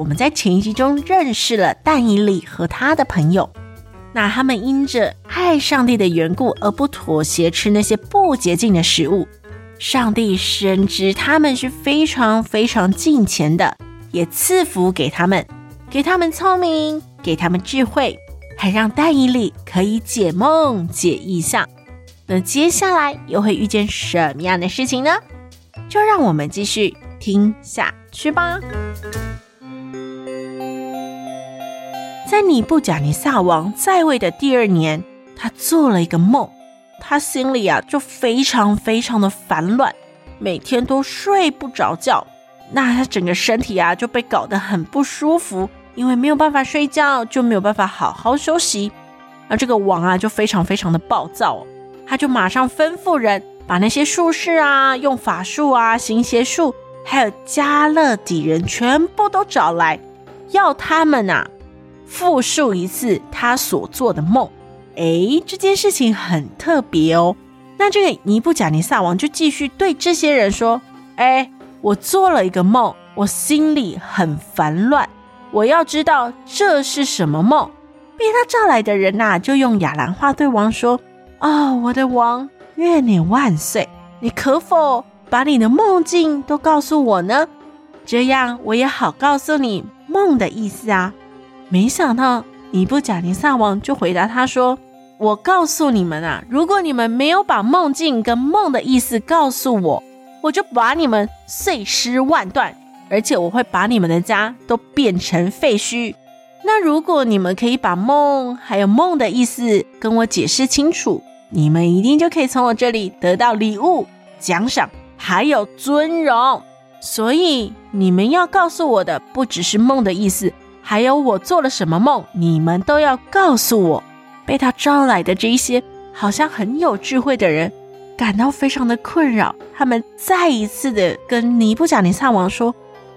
我們在前一集中認識了但以理和他的朋友，那他們因着愛上帝的緣故而不妥協吃那些不潔淨的食物。上帝深知他們是非常非常敬虔的，也賜福給他們，給他們聰明，給他們智慧，還讓但以理可以解夢解異象。那接下來又會遇見什麼樣的事情呢？就讓我們繼續聽下去吧。在尼布甲尼撒王在位的第二年，他做了一個夢，他心裡啊就非常非常的煩亂，每天都睡不着覺，那他整個身體啊，就被搞得很不舒服，因為沒有辦法睡覺就沒有辦法好好休息，而這個王啊就非常非常的暴躁哦，他就馬上吩咐人把那些術士啊、用法術啊、行邪術還有迦勒底人全部都找來，要他們啊。複述一次他所做的夢，誒，這件事情很特別哦。那這個尼布甲尼撒王就繼續對這些人說：“誒，我做了一個夢，我心裡很煩亂，我要知道這是什麼夢。”被他召來的人吶、啊，就用亞蘭話對王說：“哦，我的王，願你萬歲！你可否把你的夢境都告訴我呢？這樣我也好告訴你夢的意思啊。”沒想到，尼布甲尼撒王就回答他說：“我告訴你們啊，如果你們沒有把夢境跟夢的意思告訴我，我就把你們碎屍萬段，而且我會把你們的家都變成廢墟。那如果你們可以把夢還有夢的意思跟我解釋清楚，你們一定就可以從我這裡得到禮物、獎賞，還有尊榮。所以，你們要告訴我的不只是夢的意思。”還有我做了什麼夢？你們都要告訴我。被他招來的這一些好像很有智慧的人，感到非常的困擾。他們再一次的跟尼布甲尼撒王說：“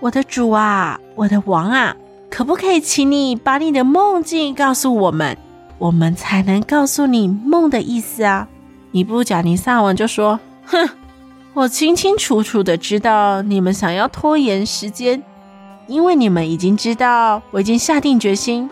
我的主啊，我的王啊，可不可以請你把你的夢境告訴我們？我們才能告訴你夢的意思啊！”尼布甲尼撒王就說：“哼，我清清楚楚的知道你們想要拖延時間。”因為你們已經知道，我已經下定決心。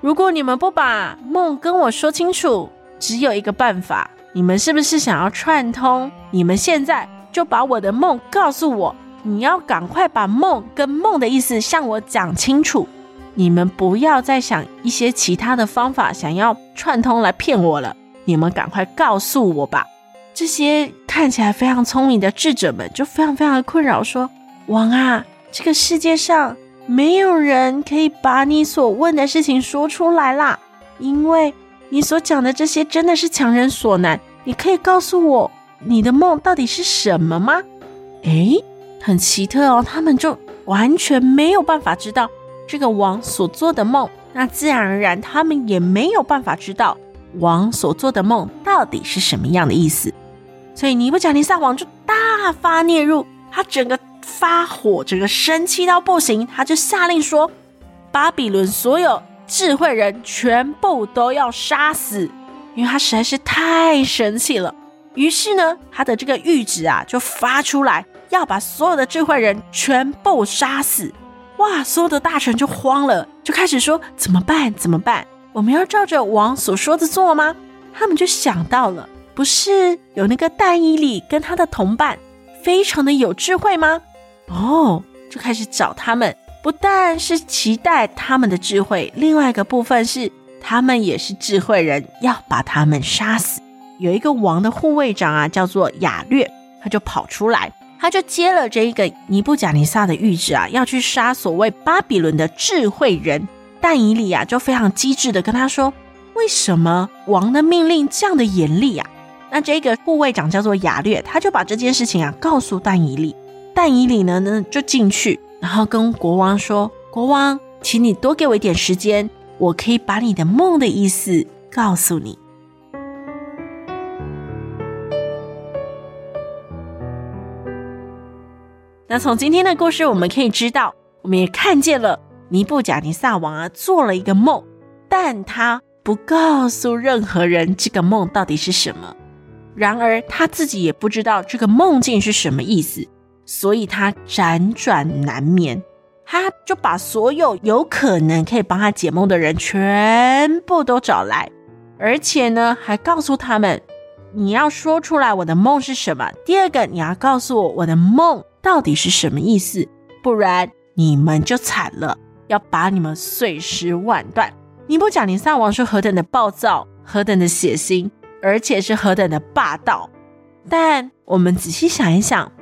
如果你們不把夢跟我說清楚，只有一個辦法。你們是不是想要串通？你們現在就把我的夢告訴我。你要趕快把夢跟夢的意思向我講清楚。你們不要再想一些其他的方法，想要串通來騙我了。你們趕快告訴我吧。這些看起來非常聰明的智者們就非常非常的困擾，說：“王啊！”這個世界上沒有人可以把你所問的事情說出來啦，因為你所講的這些真的是強人所難。你可以告訴我你的夢到底是什麼嗎？誒，很奇特哦，他們就完全沒有辦法知道這個王所做的夢，那自然而然他們也沒有辦法知道王所做的夢到底是什麼樣的意思。所以尼布甲尼撒王就大發烈怒，他整個。發火，這個生氣到不行，他就下令說：“巴比倫所有智慧人全部都要殺死，因為他實在是太生氣了。”於是呢，他的這個諭旨啊就發出來，要把所有的智慧人全部殺死。哇，所有的大臣就慌了，就開始說：“怎麼辦？怎麼辦？我們要照着王所說的做嗎？”他們就想到了，不是有那個但以理跟他的同伴非常的有智慧嗎？哦，oh, 就開始找他們。不但是期待他們的智慧，另外一個部分是他們也是智慧人，要把他們殺死。有一個王的護衛長啊，叫做亞略，他就跑出來，他就接了這一個尼布甲尼撒的諭旨啊，要去殺所謂巴比倫的智慧人。但以理啊，就非常機智的跟他說，為什麼王的命令這樣的嚴厲啊？那這個護衛長叫做亞略，他就把這件事情啊，告訴但以理。但以理呢，呢就進去，然後跟國王說：“國王，請你多給我一點時間，我可以把你的夢的意思告訴你。” 那從今天的故事，我們可以知道，我們也看見了尼布甲尼撒王啊，做了一個夢，但他不告訴任何人這個夢到底是什麼。然而他自己也不知道這個夢境是什麼意思。所以他輾轉難眠，他就把所有有可能可以幫他解夢的人全部都找來，而且呢，還告訴他們：“你要說出來我的夢是什麼。第二個，你要告訴我我的夢到底是什麼意思，不然你們就慘了，要把你們碎屍萬段。”尼布甲尼撒王是何等的暴躁，何等的血腥，而且是何等的霸道。但我們仔細想一想。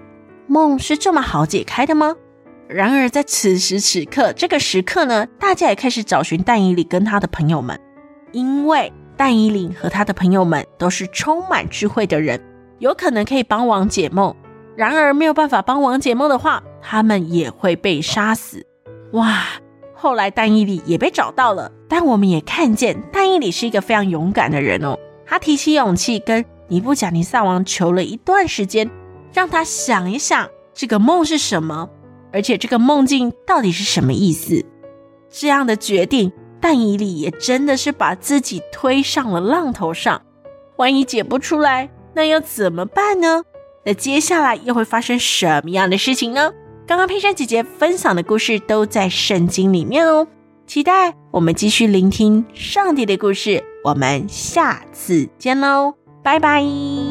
夢是這麼好解開的嗎？然而，在此時此刻這個時刻呢，大家也開始找尋但以理跟他的朋友們，因為但以理和他的朋友們都是充滿智慧的人，有可能可以幫忙解夢。然而，沒有辦法幫忙解夢的話，他們也會被殺死。哇！後來但以理也被找到了，但我們也看見但以理是一個非常勇敢的人哦。他提起勇氣跟尼布甲尼撒王求了一段時間。讓他想一想這個夢是什麼，而且這個夢境到底是什麼意思？這樣的決定，但以理也真的是把自己推上了浪頭上。萬一解不出來，那要怎麼辦呢？那接下來又會發生什麼樣的事情呢？剛剛佩珊姐姐分享的故事都在聖經裡面哦，期待我們繼續聆聽上帝的故事。我們下次見嘍，拜拜。